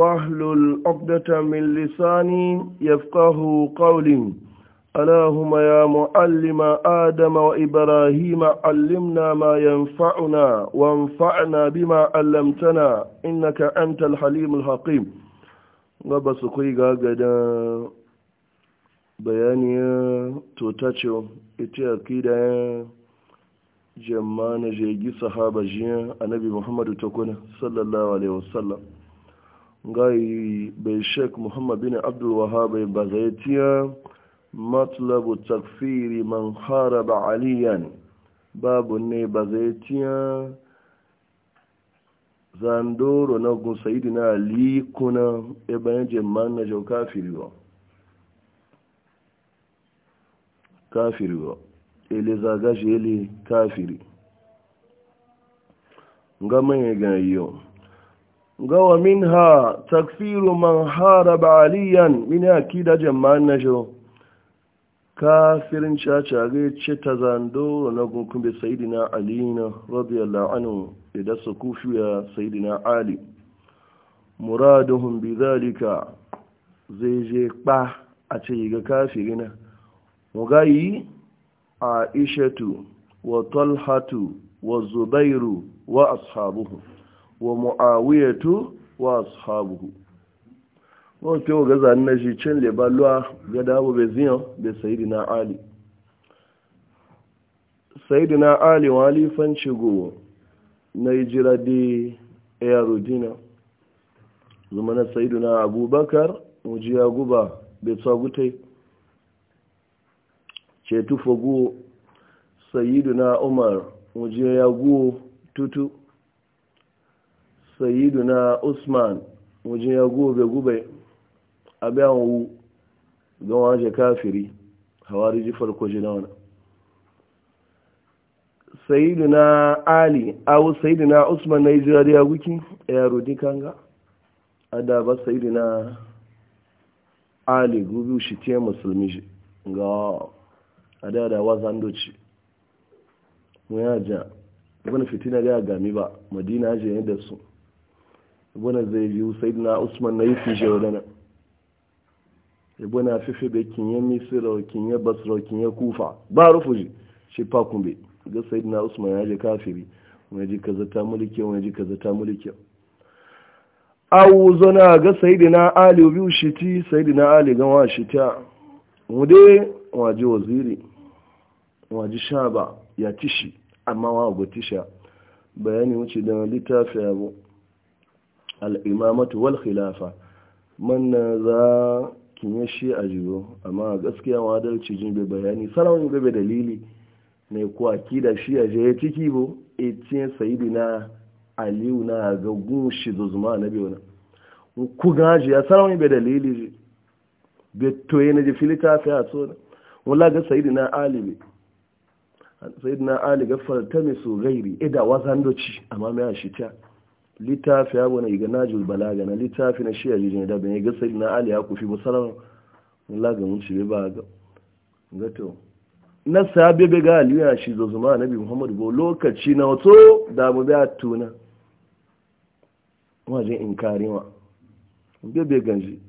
واحلل عقدة من لساني يفقه قولي اللهم يا معلم آدم وإبراهيم علمنا ما ينفعنا وانفعنا بما علمتنا إنك أنت الحليم الحقيم غبا سكوي غاغدا بيانيا توتاتشو إتي أكيدا جمعنا جيجي صحابة جيان النبي محمد تكون صلى الله عليه وسلم gai bai sheik muhammad bin abdul wahab e ba zai tiya matlabu takfiri man haraba aliyan babu ne ba zai tiya zandoro na gun e na ali ya ibayen jimman na jau kafiriwa ele zagashi ele kafiri ga manyan ganyayyau gawa minha takfiru man haraba aliyan mini akida jama'an na Ka kafirin caca ga ce ta zando na gunkun bai sayidina aliyina radiyallahu anhu idan su kufu ya sayidina ali Muradun bi zalika zai je kpa a ce ga yi mugayi aishatu wa talhatu wa zubairu wa ashabuhu wa mu'awiyatu wa ashabuhu wọn ke wa gaza na shi cin lebalwa ga damu bai ziyan da sayidina ali sayidina ali wali fanci go na yi jira da aerodina zuma na sayidina abubakar mujiya guba bai tsagutai ce tufa go sayidina umar mujiya ya tutu sayiduna usman wajen ya gube gube a biyan wu don waje kafiri hawari ji farko ji dauna sayiduna ali awu sayiduna usman na ijirariya wiki ya rudi kanga adaba sayiduna ali gubi shi te musulmi ga adada wazan doci mu ya wani fitina da ya gami ba madina je yadda su ibuna zai biyu sai na usman na yi fije wadana ibuna fifi da kinye misira kinye basra kinye kufa ba rufu shi shi bai ga sai na usman ya je kafiri wani ji kaza ta mulke wani ji kaza ta mulke awu zona ga na ali biyu da na ali ga wa ta mu dai waje waziri waje shaba ya tishi amma wa go tisha bayani wuce da littafi abu al'imamatu wal khilafa man na za kinye shi a jiyo amma gaskiya wadalci jin bai bayani sarawun gabe dalili mai kwaki da shi a jaye ciki bo etin saidi na aliyu na ga shi zuzuma na biyu na ku gaji a sarawun bai dalili bai toye na ji filita fi a so na wula ga sayidu na alibi sayidu na ali ga fartami su gairi ida e wasan doci amma mai a shi ta littafi ya wani iga najul balaga na littafi na shiya jijin da bane ga sai na ali ya kufi ba sarar laga mun ci ba ga gato na sabe be ga ali ya shi zo zuma nabi muhammad bo lokaci na wato da mu a tuna wajen inkari wa be be ganji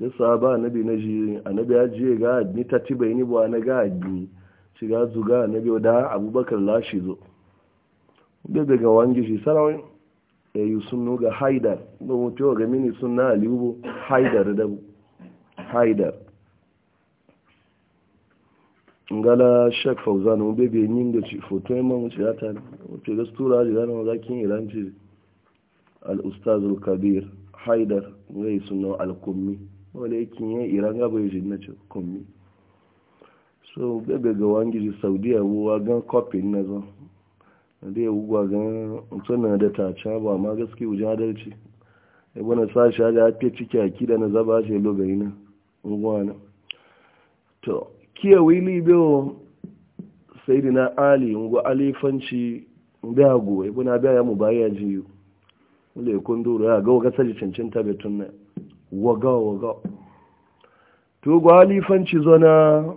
ga sahaba nabi na ji annabi ya je ga ni tatibai ni bo na ga ni shiga zuga nabi da abubakar lashi zo be be ga wangi shi sarawin ya yi sunu ga haidar ba mutu ga mini suna aliyu haidar da haidar ngala shek fauzan mu bebe yin da ci foto yamma mu ci ta wato ga stura ji ranar zakin iran ci al ustaz al kabir haidar ga sunna al kummi wala yakin ya iran ga bai na ci kummi so bebe ga wangi ji saudiya wo gan copy na zo da ya wugwa ganin mutum da ta ca ba ma gaske wujen adalci ya bane sashi haka hafi ciki a kida na zaba ce logari na ungwana to kiya wili biyo sai dina ali ungwa alifanci biya go ya bane biya ya mu baya ji wule kun duro ya ga wakasar ji cancanta betun na waga waga to gwa alifanci zona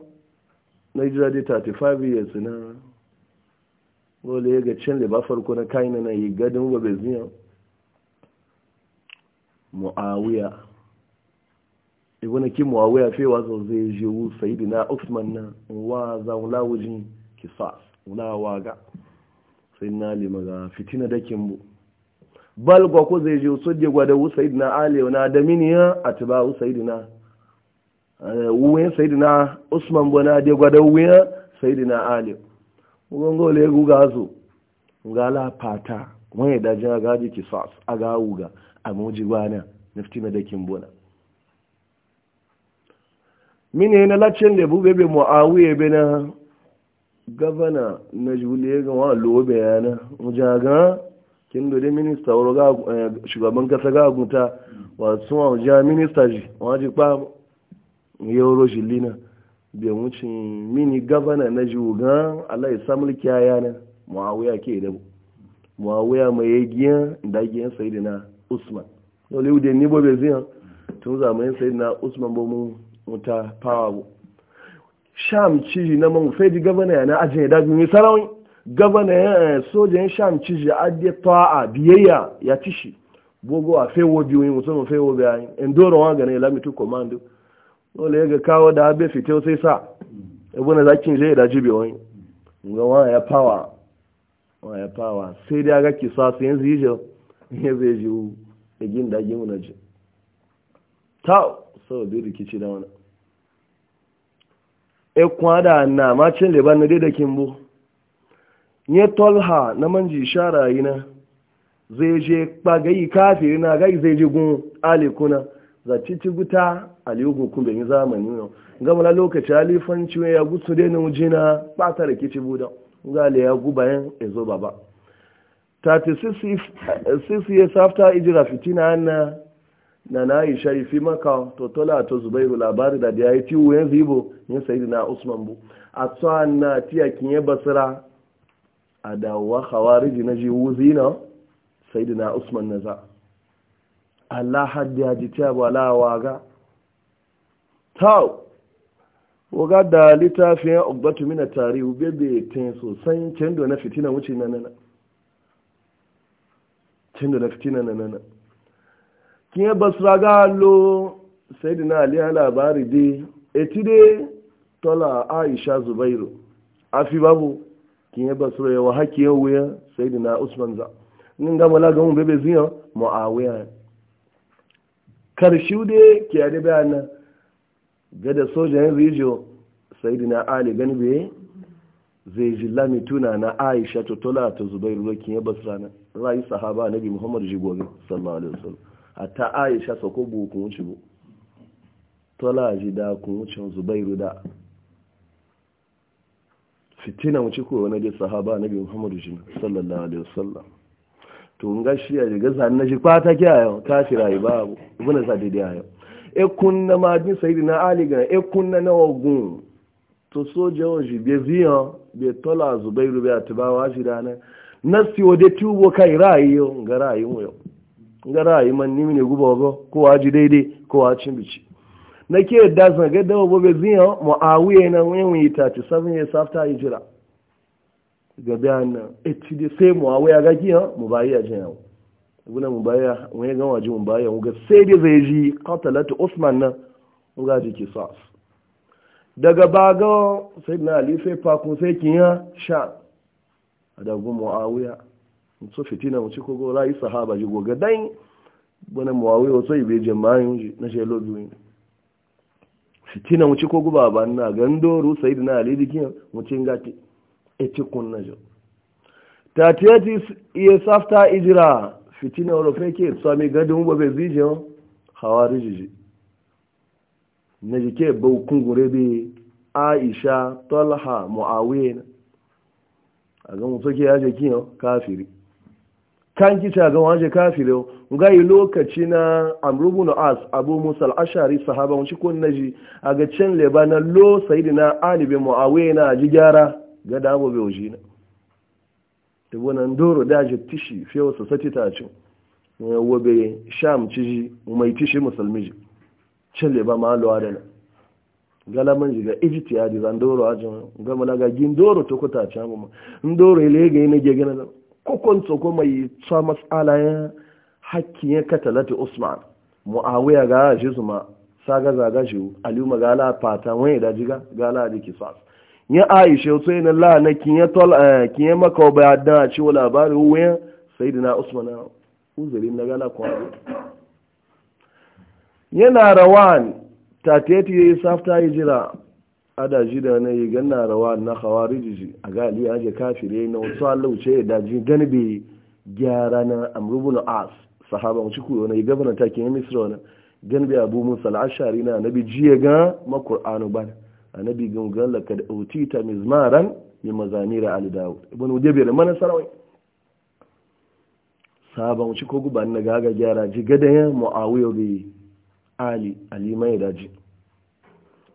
na jira dai 35 years na wale ya ga can da ba farko na kayan nan yi gadin wa bezinya mu'awiya ibuna ki fewa fe wa zo zai je wu na usman na wa za wala wujin kisas wala waga sayyidina ali maga fitina dakin kimbu bal gwa ko zai je so je gwada wu na ali na da miniya atba wu sayyidina saidi na eh, usman na de gwada saidi na ali ugongo le guga su ga pata wani da jin aga ji kisas aga su a moji gwana nifti na dakin bona mine na lacin da bube be muawiya be na gavana na juliya ga eh, wa lobe yana ga kin dole minista wuro ga shugaban kasa ga gunta wasu wa ja minista ji wa ji kwa yoro jilina biyan wucin mini gabana na jugan Allah ya mulki ya na muawiya ke da muawiya mai yagiya da giyan na Usman dole ude ni ziyan tun zamanin na Usman bo mu pawa Sham ciji na mun fedi gabana ya na ajin da bi sarawin gabana ya eh, sojan Sham ciji adde ta'a biyayya ya tishi bogo a fewo biyu mutum fewo bayan wa lamitu commando ya ga kawo da abe fito sai sa ibuna zakin zai da jibe wani ga wani ya fawa wani ya fawa sai dai ga kisa su yanzu yi jau ya zai ji wu da gin da gin wani ji ta sau bi rikici da wani e kwada na macin liban na da kimbo nye tolha na manji shara yi na zai je kpagayi kafiri na gai zai ji gun alikuna za ci guta aliyu kun bai yi zamani yau gama na lokaci halifanci ya gutsu dai na wujina ba ta rikici buda gale ya guba bayan ya zo baba 36 years after ijira fitina anna na na sharifi maka to tola to zubairu labari da ya yi tiwo yanzu ibo ya usman bu a na tiya kinye basira a dawowa hawariji na ji wuzi na usman na za Allah haddi ta ba lawa ga tau waga da littafin ugbatu mina tarihi bebe ten sosai cendo na fitina wuce na nana cendo na fitina na nana kiye basra ga lo sayyidina aliyar labari dai etide tola aisha zubairu afi babu kiye basra ya wa hakiye wuya sayyidina usman za nin gama mala ga mu bebe ziyo muawiya karshe dai kiya da gada sojan rijo sai dina ali ganibe zai ji lamituna na aisha ta tola ta zubai rokin ya basira na rayu sahaba nabi muhammadu jigobi sallallahu alaihi wasallam hatta aisha sa kogbo kun wuce bu tola ji da kun wuce zubairu da fitina wuce ko wani dai sahaba nabi muhammadu jigobi sallallahu alaihi wasallam to nga shi ya ga zan na ji kwata kiyaye rayu ba ibn sa ayo ekun na majin sayidina ali gan ekun na ogun to soja ojii be ziyan be tola zubairu bai atibawa shi dana nasi wade tubo kai ra'ayi ngara ra'ayi mu yau ngara ayi man nimi ne guba ba ko waji daidai ko waci bici na ke yadda zan ga bo ba bai ziyan mu'awiya na wayan yi seven years after hijira ga bayan nan sai mu'awiya ga kiyan mu bayi a jin ibuna mu baya mu ya gawa ji mu baya mu ga sai dai zai ji qatalatu usman na mu ga ji kisas daga baga sayyidina ali sai fa kun sai kinya sha da gu muawiya so fitina mu ci ko go rai sahaba ji go ga dan bana muawiya so ibe jama'in na she lobi win fitina mu ci ko guba ba na gando ru sayyidina ali dikin mu ci ngati e ci kun na jo ta tiyati iya safta ijira fitina wani fake sami gadin ba bai zijin hawa rijiji na jike bau kungure bi aisha talha muawiya a ga mutu ke yaje kiyan kafiri kan kisa a ga waje kafiri ga yi lokaci na amrubu na as abu musa ashari sahaba wani kun ji a ga can leba na lo sayidina ali bin muawiya na ji gyara ga dabo bai wajina da wannan doro daji tishi fiye wasu sati ta ci eh, wabe sham ciji mai tishi musulmi ji cille ba ma aluwa da nan galaman ji ga egypt ya di zan doro ajin gama na gagin doro kuta ci amma doro ile ga yi na gegana na kokon tsoko mai tsa matsala ya hakkin ya katalata usman muawiya ga shi su ma saga zaga shi aliyu ma gala fata wani da jiga gala da kisas ya aisha to yana la na ya tol a maka ba da ci wala labari wuya sayyidina usman uzurin na gala kwanu yana rawan ya yi safta hijira adaji da wani, yi gana rawan na jiji a gali aje kafire na wasu alauce da daji ganbe gyara na amrubun as sahaban ci wani na yi gabana take misra wani, ganbe abu musa al na nabi jiya ga makur'anu bana annabi gungan lakad Otita, mizmaran min mazanira ali dawud ibn ujabi da mana sarawai sabon shi ko guban na gaga gyara ji gadayen muawiya bi ali ali mai daji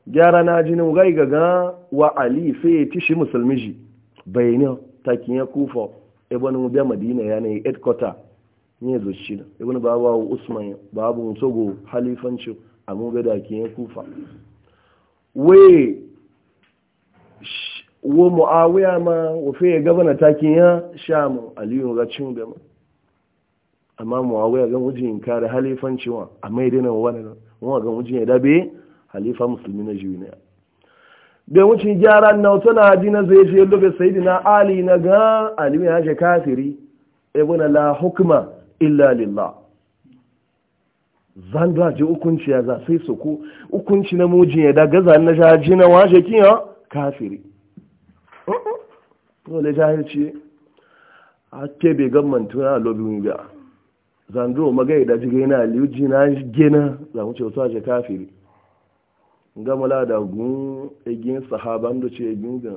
gyara na ji ni gai gaga wa ali fe shi musulmi ji ta takin ya kufa ibn ujabi madina yanayi headquarter ne zo shi ibn babawu usman babu sogo halifancin amma gada kin ya kufa wai wo mu'awiya ma wafe ya gabana takin ya shamu aliyu ga cin gama amma mu'awiya ga wujin kare halifanci wa amma ya dina wani nan wa ga wujin ya dabe halifa musulmi na juniya da wucin gyara na wata na ji na zai ce lobe sayidi na ali na ga aliyu ya ce kafiri ibn la hukma illa lillah zando a ji hukunci ya za sai su ku hukunci na mujin ya daga zan na jaji na waje ya kafiri uh-uh. dole jahilci a kebe gamman na a lobin ga zando magai da jiga yana liyuji na gina za mu ce wasu waje kafiri gamala da gun egin sahaban da ce egin ga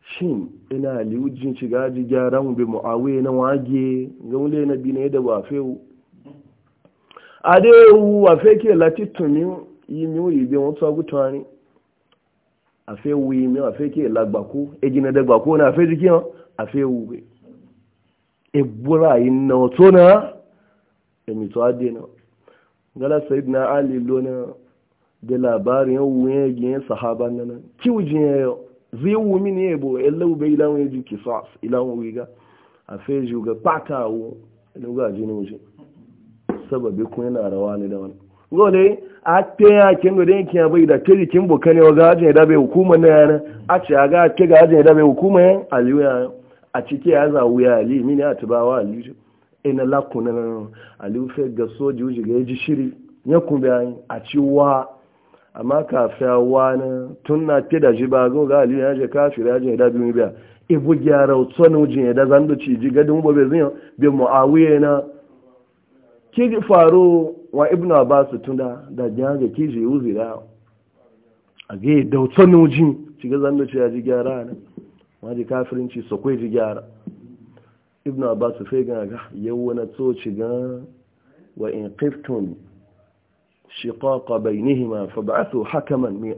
shin ina liyujin shiga ji gyaran bi mu'awiyya na wage gamule na bi ne da wafe fewu adewu afeke lati tumi yimi ibe won twa gutani afe wu yimi afeke lagbaku ejina dagbaku na afe dikin afe wu egbura inna otona emi to adena gala sayyidina ali lona de labarin wuyen gien sahaban nan kiwujin yayo zai wu mini ebo elau bai ilawun yaji kisas ilawun wiga afe juga pata wu iluga jini wuce sababi kun yana rawa ne da wani gole a te ya kin gode yin kiyan bai da te kin bukane wa gajin ya dabe hukuma na yana a ce a ga te gajin ya dabe hukuma ya aliyu ya a cike ya za wuya ali mini a tubawa aliyu ina e lakuna na aliyu fe ga soji wuji ga e ji shiri ya kun bayan a ci wa amma kafi wa na tun na te da ji ba ga aliyu ya je kafira ya je ya dabe mu biya ibu gyara tsonu jin ya da zan da ci ji gadin bobe zin bi muawiya na kiji faru wa ibn abasu tuna da jihar kiji wuzi da a ga nuji shiga zanen ce ya ji gyara ne ma ji kafirinci su kwai ji gyara ibn abasu fai gaga yau wani tsoci ga wa in kifton shi kwakwa bai nihi ma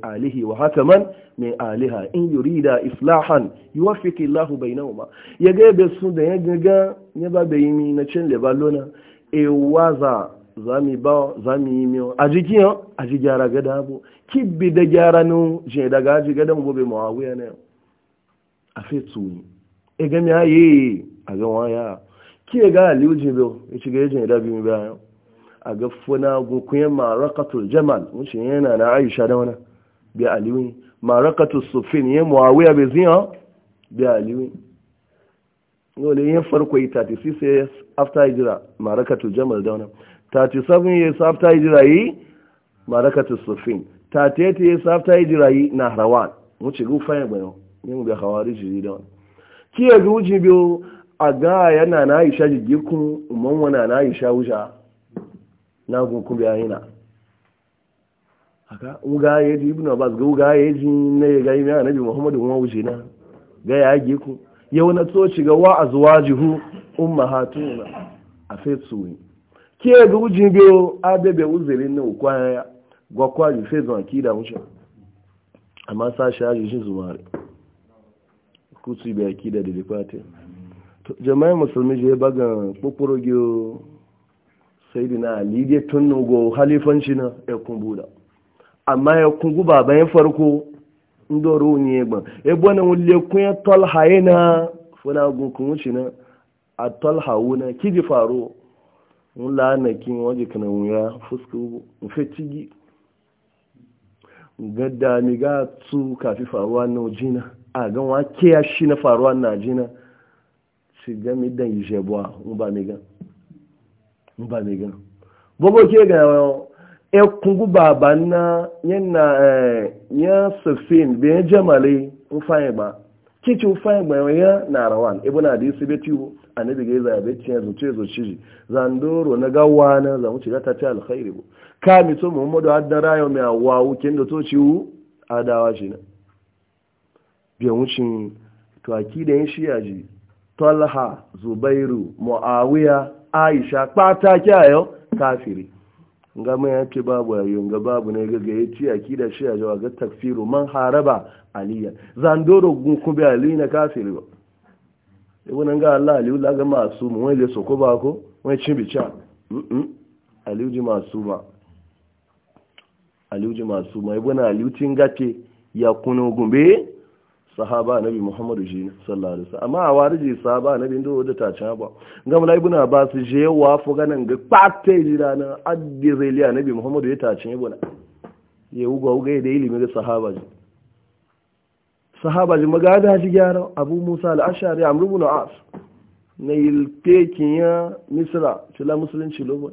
alihi wa hakaman min aliha in yurida islahan yi wafi bai na umar ya ga su da ya ya ba bai yi na cin balona ewa za zami ba zami yi miyo a jiki yau a ji gyara gada abu kibbi da gyara nu je daga aji gada mu bobe ya ne a fe tuni e ga mi aye a ga waya ki e ga aliu je do e ci ga je e da bi mi ba yau a ga funa gu kuye maraqatul jamal mun shi yana na aisha da wana bi aliu maraqatul sufin ye mawawiya be zin bi aliu wale yin farko yi 36 years after hijira marakatu jamal dauna 37 years after hijira yi marakatu sufin 38 years after hijira yi na harawan wuce gufa ya bayan yin hawari jiri da ki ya ga biyu a ga yana na aisha jigikun umman wana na na gunkun biya yana ibn abbas ga uga ya na ga yi muhammadu wuce na ga ya yau na tsoci ga wa azwajihu ummahatuna a fetsuwi ke ga ujin biyo abebe uzirin nan kwaya gwa kwaji fezon akida wuce amma sashi haji shi zumare kusi bai akida da likwate jama'in musulmi je bagan kpokporo giyo sai dina alidiyar tun nugo halifanci na ya e kumbuda amma ya e kungu baban farko ndị ọrụ onye egba ebe na-enwule kwunye tọlha na funagun kunwuci na a tọlha wuna kiji faru nla na kin waje kana wuya fuska nfe tigi gadda ga kafi faruwa na ojina a ga wa ke ya shi na faruwa na ojina ci ga mi dan yi jebuwa n mi gan n mi ga gbogbo ke ga yawon ya kungu baba na yana ya sufin bin jamale ufayin ba kici ufayin ba ya na rawan ibn hadisi betiwo annabi ga za be tiyan zuce zuci zandoro na gawa na zamu ci ta ta alkhairi bu ka mi to muhammadu addan rayo mi awawu kin da to ci wu adawa shi na biyan wucin to da yin shi yaji talha zubairu muawiya aisha pata yau kafiri nga mai ya ce babu yayo nga babu ne gaga ya ci akida shi a jawa ga takfiru man haraba aliya zandoro gun kube ali na kafiri ba ibu nan ga Allah aliyu la ga masu mu wani leso ko ba ko wani cin bica aliyu ji masu ma aliyu ji masu ma ibu na aliyu tin gate ya kuno gumbe sahaba nabi muhammadu shi sallallahu alaihi wasallam amma a warije sahaba nabi ndo da ta cha ba ngam lai buna ba su je wa fu ganan ga patte jira na addi zaliya nabi muhammadu ya ta cha buna ye ugo ugo da ilimi ga sahaba ji sahaba ji magada shi gyara abu musa al-ashari amr ibn as na pekin ya misra cila musulunci lobo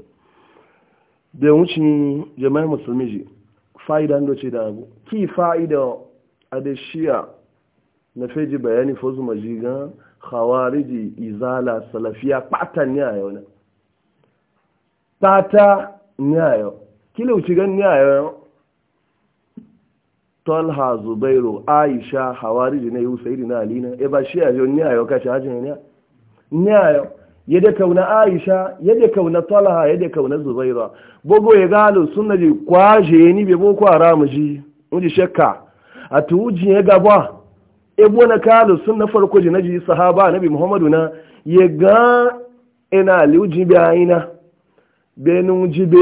da wucin jama'i musulmi ji fa'idan do ce da abu ki fa'ida a da na feji bayani fozu majiga khawariji izala salafiya pata nyayo na pata nyayo kile uchigan nyayo talha zubairu aisha khawariji na yusaidi na alina e ba shi ajo nyayo kacha ajo nyayo nyayo yadda kauna aisha yadda kauna talha yadda kauna Zubairu. bogo ya galo sunna ji kwaje ni be boko haramu ji uji shakka atuji ya gaba ebo na kalu sun na farko ji ji sahaba nabi muhammadu na ya ga ina liuji bi aina benin jibe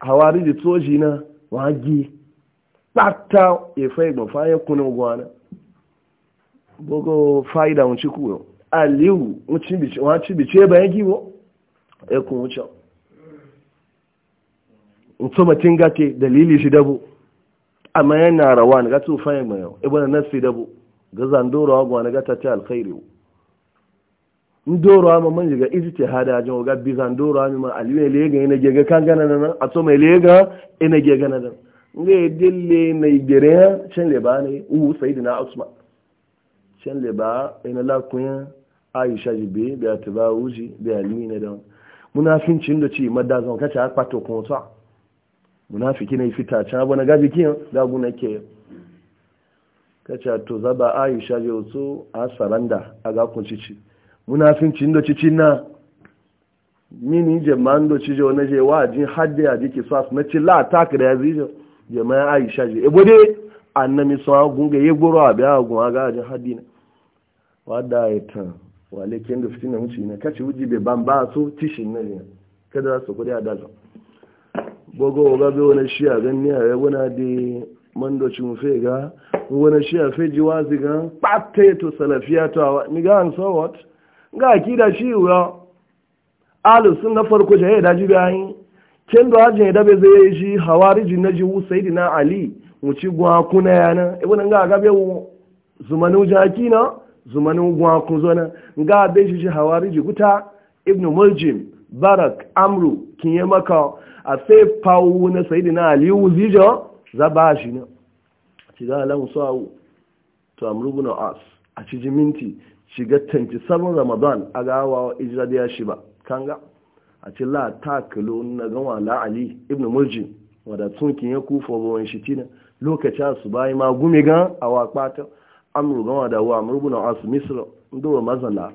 hawari da toji na wagi pata efe igbo faye kuna gwana bogo faida unci kuyo aliu unci bice wanci bice bayan giwo ekun wuce mutumatin gake dalili shi dabo amma na rawa na gatsu fayin mayo na nasi dabo ga zandoro agwa na gata ta alkhairi ndoro ma manje ga ce hada jin ga bi zandoro ami ma ne lega ina gega kan gana nan a to mai lega ina gega nan nge dille na igere chen le leba ne u sayyidina na chen le ba ina la kunya aisha jibe bi tabawuji da almina da munafincin da ci madda zan kace akpato kun sa munafiki ne fita cha bana gabi kin da guna ke kacha to zaba aisha je so asaranda aga a ga kun cici munafincin da cici na mini je mando cije wani je wa jin hadde ya jike sas na ci la ta kare ya je ma aisha je ebode annami so gunga ye goro abi a gun aga jin haddi na wada ita wale kin da fitina muci na kace wuji be ban ba so tishin na ne kada su kudi a dazo bogo ga be wani shi a ganni a yabuna de man doci mu fe ga wani shi afe feji wazi ga to salafiya to awa ni ga an so what ga ki da shi wa alu sun na farko da ya daji bayan kin do ajin da be zai yi shi hawariji na jiwu sayyidina ali mu ci gwa kuna yana ibn ga ga be zumanu jaki na zumanu gwa kun zona ga be shi shi hawariji guta ibn muljim barak amru kinye maka a sai pawu na sayyidina ali zaba shi na shiga alamu awu to amrubu na as a ciji minti shiga tanti sabon ramadan a wa ijira da shi ba kanga a ci la ta kilo na gawa ali ibn murjin wadda tsunkin ya kufa bawan shi tina lokacin su bayi ma gumi gan a wakpata amru gawa da wa amrubu na as misra ndo mazala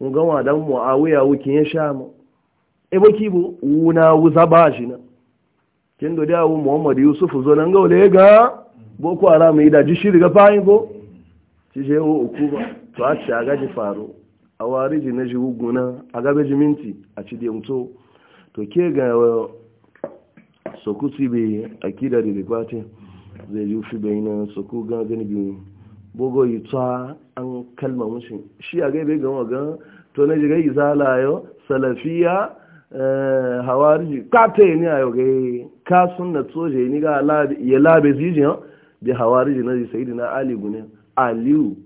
gawa dan muawiya wukin ya sha mu e baki wuna wuza ba na kin do dawo muhammad yusuf zo nan ga wale ga boko haram yi da ji shiri ga fayin ko ci je wo ku ba to a ci aga ji faro a wari ji na ji wuguna a gabe ji minti a ci da mutu to ke ga eh, sokuti be akida da ribate zai ji fi bai na soku ga gani bi? bogo yi ta an kalma mushi shi a gaibe ga waga to na ji jiga yi yau, salafiya eh, hawariji ka ne a yau gai ka sunna tsoje ni ga ya labe ziji ha bi hawariji na sayyidina ali gune aliyu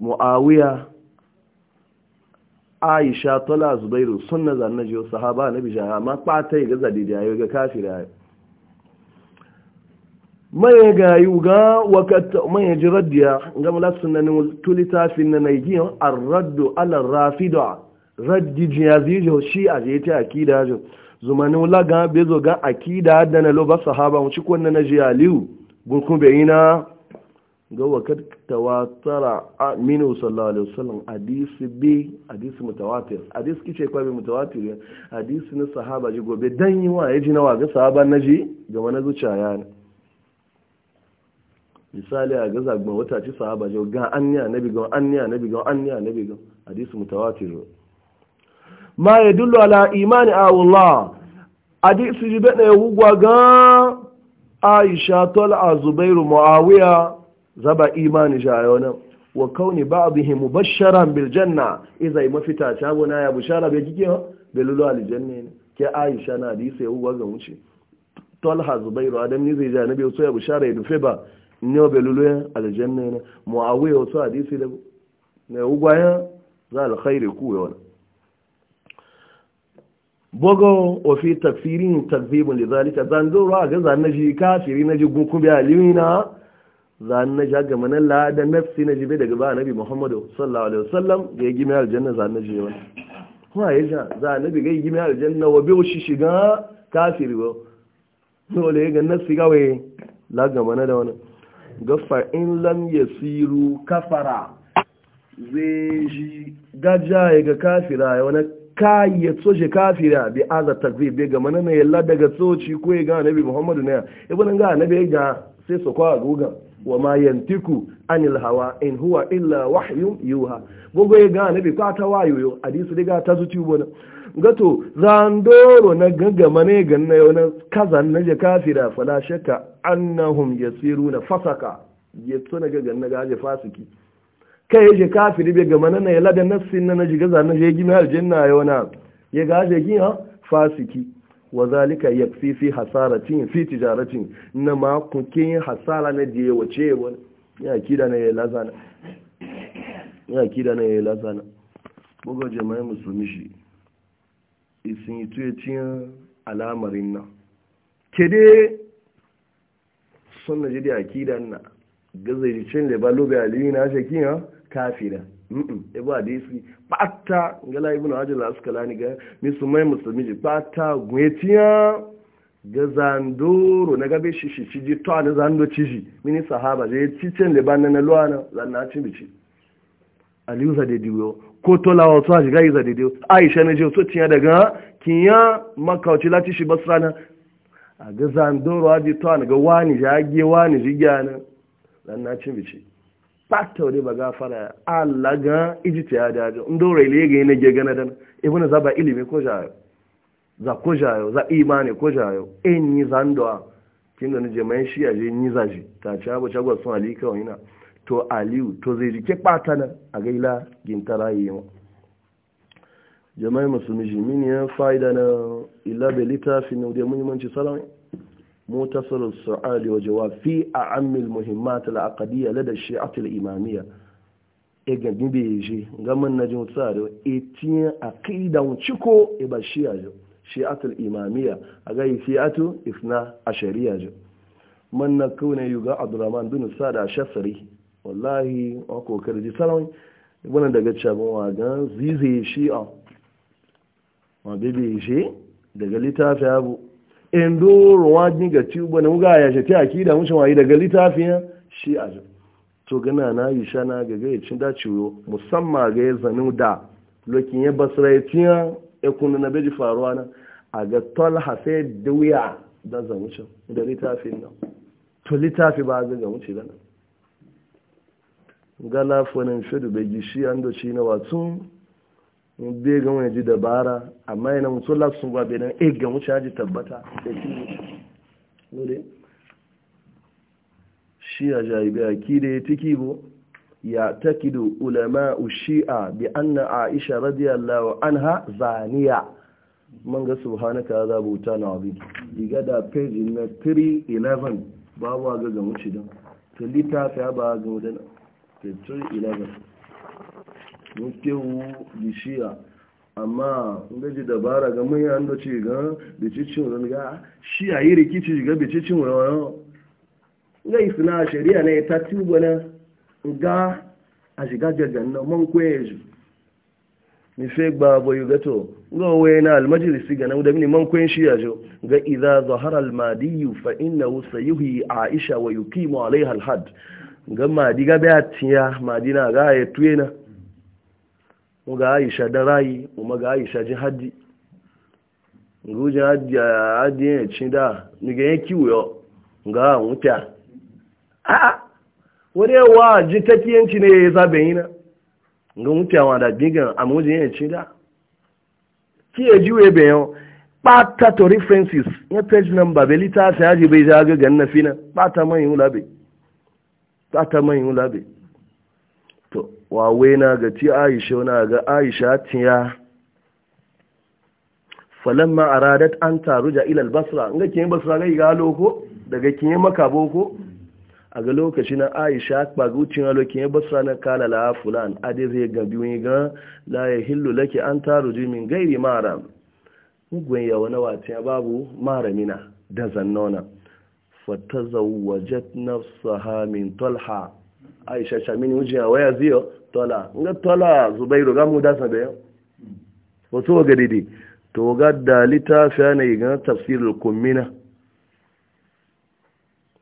muawiya aisha tola zubairu sunna zanna jiyo sahaba na bijan amma kpata ga zadi da yayi ga ya maye ga yuga wakata ji raddiya ga mala sunnanin tulitafin na naijiya ar-raddu ala rafida raddi jiyazijo shi a je ta akida jo zumanin wula ga bezo ga akida na lo ba sahaba mu cikon na naji aliyu gurkun bayina ga wakar tawatara aminu sallallahu alaihi wasallam hadisi bi hadisi mutawatir hadisi kice kwa bi mutawatir hadisi na sahaba ji gobe dan yi wa yaji nawa ga sahaba naji ga wani zuciya yana misali a gaza gban wata ci sahaba ji ga anniya nabi ga anniya nabi ga anniya nabi ga hadisi mutawatir ma ya dullu ala imani a Allah di su ji bane ya gugwa ga Aisha tol a Zubairu Muawiya zaba imani nan wa kauni ba ba mubashsharan bil janna idza mafita ta na ya bushara gike kike bai lulu alijanna ne ke Aisha na di ya uwa ga wuce Talha Zubairu Adam ni zai ja nabi so ya bushara ya dufe ba ne be lulu al janna Muawiya so hadisi da ne ya za alkhairi ku yau. bogo ofi tafsirin takzibun da zalika zan zoro a ga zan ji kafiri na ji bi alimina zan na ji ga manan la da nafsi na ji bai daga ba nabi muhammadu sallallahu alaihi wasallam ga ya gimi aljanna zan na ji wani kuma ya ja za annabi ga gimi aljanna wa bi shi shiga kafiri ba dole ga nafsi wai la ga manan da wani gaffa in lam yasiru kafara zai ji gaja ga kafira ya wani kayi soje kafira bi aza takbir be ga mana ne yalla daga soci ko ga nabi muhammadu ne ibn ga nabi ga sai su kwa guga wa ma yantiku anil hawa in huwa illa wahyu yuha gogo ga nabi ka ta wayoyo hadisi daga ta zuci bona gato zandoro na gaggama ne gan yau na kaza na je kafira fala shakka annahum yasiruna fasaka yato na gaggama na gaje fasiki kai je kafiri be gama nan ya ladan nafsi nan ji gaza nan je gina aljanna ya wana ya ga je gina fasiki wa zalika yakfi fi hasaratin fi tijaratin na ma kukin hasara na je wace wani ya kida na ya lazana ya kida na ya lazana buga jama'i musulmi shi isin yi tuye cin alamarin nan kede sunna jidi akidan na gaza cin da ba lobe aliyu na shakin ha kafira ibu hadisi pata gala ibn hajar al-asqalani ga musulmai musulmi ji pata gwetiya ga zandoro na gabe shi shi ji to na zando ciji mini sahaba je cicen liban na luwana lanna cin bici aliuza de diwo ko to lawo to ga iza de diwo aisha ne je So tiya daga kinya makauci lati shi basrana a ga zandoro aji to na ga wani ge wani jigana lanna cin bici ɓata wani ba gafara Allah ga ijiti ya dajo in dora ile ga yana gegana dan ibn za ba ilimi ko jayo za ko jayo za imani ko jayo en yi zandoa kinga ni je mai shi a je ni zaji ta ci abu chagwa sun ali kawai yana to aliyu to zai jike ɓata na a gaila gintara yi ma jama'i musulmi shi mini ya fa'ida na ila bai littafi na da muhimmanci salamai متصل السؤال وجواب في أعم المهمات العقدية لدى الشيعة الإمامية egan gibe shi gaman na jin tsari etin aqidan ciko e ba shi'a jo shi'atul imamiyya aga shi'atu ifna ashariya jo man na kauna yuga abdurrahman bin sada shafari wallahi wa kokar ji salawai wannan daga cabon wa ga zize shi'a ma bebe shi daga littafi abu in doro wajen ga tuba na muga ya shafi a kida mucin wayi daga littafin shi a to gana na yi na gaga ya cin dacewo musamman ga ya zanu da lokin ya basira ya tiya ya kuna na beji faruwa na a ga tol hafe da wuya da zamucin da littafin nan to littafi ba ga zamuci da nan galafonin shudu bai gishi an doci na watsun bai ga wani ji dabara amma yana mutu lafsun gwabe nan e ga wuce haji tabbata da shi ne shi a jaibe a kide tiki bu ya takidu ulama shi'a bi anna aisha radiyallahu anha zaniya man ga subhanaka za buta na abin diga da page na 311 babu ga ga wuce don ta littafi ba ga wuce don 311 nukewu gishiya amma ji dabara ga mun yan da ci ga bicicin ran ga shi a yi rikici ga bicicin ran ga isna shari'a ne ta tuba na ga a shiga jagan na man kweju mi fe gba bo yu gato ga waye na almajlisi ga na da mini man kwen shi yajo ga idza zahara Madi, fa innahu sayuhi aisha wa yuqimu alaiha alhad ga madi ga ba tiya madina ga ya na? ga aisha da rayi kuma ga aisha jin haddi ngujin haddi a haddi yin cin da niga yin kiwo yau ga wuta a wani yawa ji takiyanci ne ya zaɓe yi na ga wuta wa da bigan amujin yin cin da ki ya jiwe yau, ɓata to references ya page number bai lita sai haji bai ja ga ganna fina ɓata man yi wulabe ɓata man yi wulabe wawe na ga ti aisha na ga aisha tiya falamma aradat an taruja ilal Basra inga kin basra ga ga loko daga kin maka boko a ga lokaci na aisha ba gucin alo kin basra na kala la fulan ade zai ga biwi ga la hillu laki an taruji min gairi maram mugun ya wani wata babu maramina da zannona fatazawwajat nafsaha min talha aisha shamini wujiya waya ziyo tola nga tola zubairu ga muda sa bayo wato ga didi to ga da litafi ne ga tafsirul kummina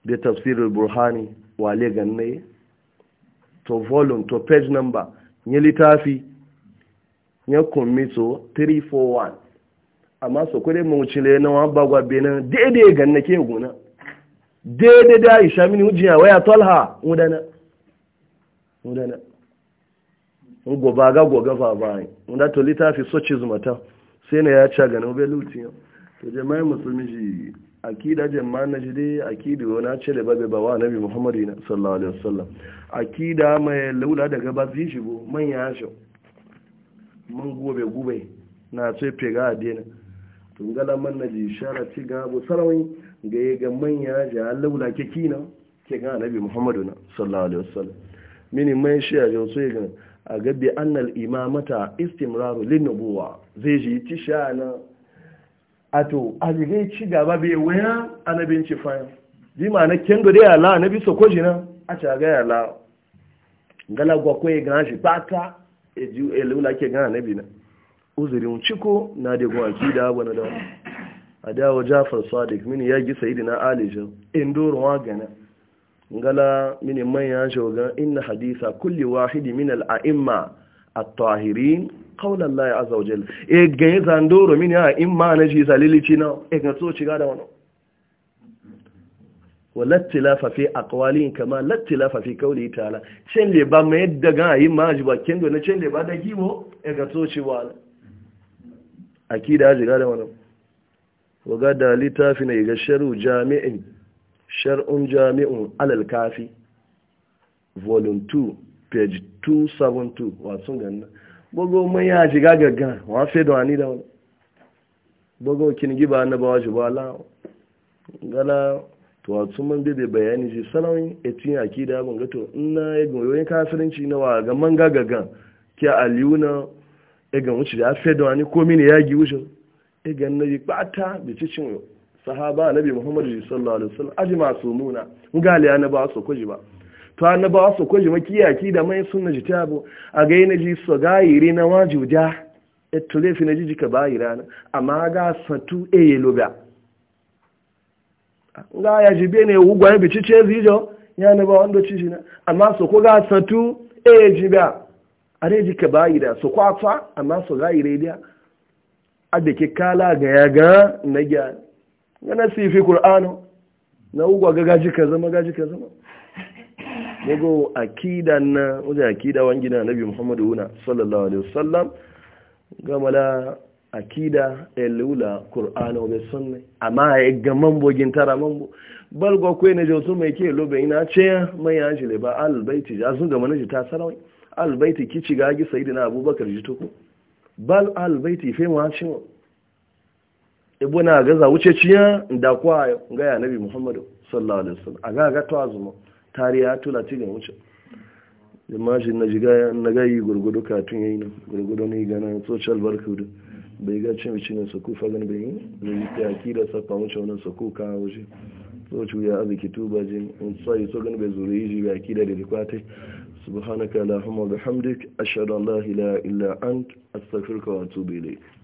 da tafsirul burhani wale ganne to volume to page number nye litafi nye kummito 341 amma so kure mu cile na wa bagwa benin daidai ganne ke guna daidai da aisha mini wujiya waya tolha mudana mudana goba ga goga fa bai munda to litafi soci zumata sai na ya ca ga nobe lutin to jama'i musulmi ji akida jama'a na ji dai akida wana ce da babe bawa nabi muhammadu sallallahu alaihi wasallam akida mai laula daga ba zai shigo man ya shi man gobe gube na ce fega adena tun man na ji sharati ga bu sarawin ga ya ga manya ja laula ke kina ke ga nabi muhammadu sallallahu alaihi wasallam mini mai shi a sai gan a gabi annal imamata istimraru linubuwa zai ji ti sha na to a zigai ci gaba bai waya anabin ci fayan ji ma na kendo dai ala na bisa ko na a ci aga ya la gala gwa shi baka e ji elula ke gana bi na uzurin ciko na da gwa ki da wani da a dawo jafar sadiq mini ya gisa idina alijin indorowa indoro gana ngala mini manya shogan inna haditha kulli wahidi min al'a'imma at-tahirin qawla Allah azza wa jalla e ganye zandoro mini a imma na ji salilici na e ga so ci gada wono wala tilafa fi aqwali kama la tilafa fi qawli ta'ala cin le ba mai daga yi ma ji ba kendo na cin le ba da giwo e ga so ci wala akida ji gada da wani waga da litafi na ga sharu jami'in shar'un jami'un alal kafi volume 2 page 272 wasu ganna gbogbo mun ya shiga gaggan wa fi da wani da wani gbogbo kini giba na bawa ji ba la gala to wasu mun bebe bayani shi salawin etin aki da abin to ina ya goyoyin kafirinci na wa ga man gaggan ke aliyuna ya ga wuce da fi da wani ko ne ya gi wuce ya ga na yi bata da cicin yau sahaba nabi muhammadu sallallahu alaihi wasallam ajma sumuna ngali annabawa su kuji ba to annabawa su kuji makiyaki da mai sunna jitabu a ga yana ji so gayiri e na wajuja eto lefi na jijika bayira na amma ga satu eye loba nga ya jibe ne ugwa bi cice zijo ya na ba wando cici na amma so ko ga satu eye jiba are jika bayira so ko afa amma so gayire dia adake kala ga ya ga na gyara yana si fi qur'ano na ugwa ga gaji ka zama gaji ka zama mago akida na wajen akida wangi na nabi muhammadu wuna sallallahu alaihi wasallam gamala akida e lula qur'ano mai sunne amma ya e ga mambo gintara mambo bal kwai na jautu mai ke lobe ina ce mai ya jile ba albaiti a zunga sun ga manaji ta sarawai albaiti kici gagi sayyidina abubakar jito bal albaiti baiti fe mu ha ibuna na za wuce ciya da kuwa ga ya nabi muhammadu sallallahu alaihi wasallam a ga ga to azuma tariya tula tiga wuce imagine na jiga na gayi gurgudu ka tun yayin gurgudu ne ga nan social barkudu bai ga cin bici ku suku gan bai yi zai yi aki da safa wuce wannan suku ka wuce so ci ya aziki tuba jin in sai so gan bai zuri ji bai aki da dilikwate subhanaka allahumma bihamdik ashhadu an la ilaha illa ant astaghfiruka wa atubu ilayk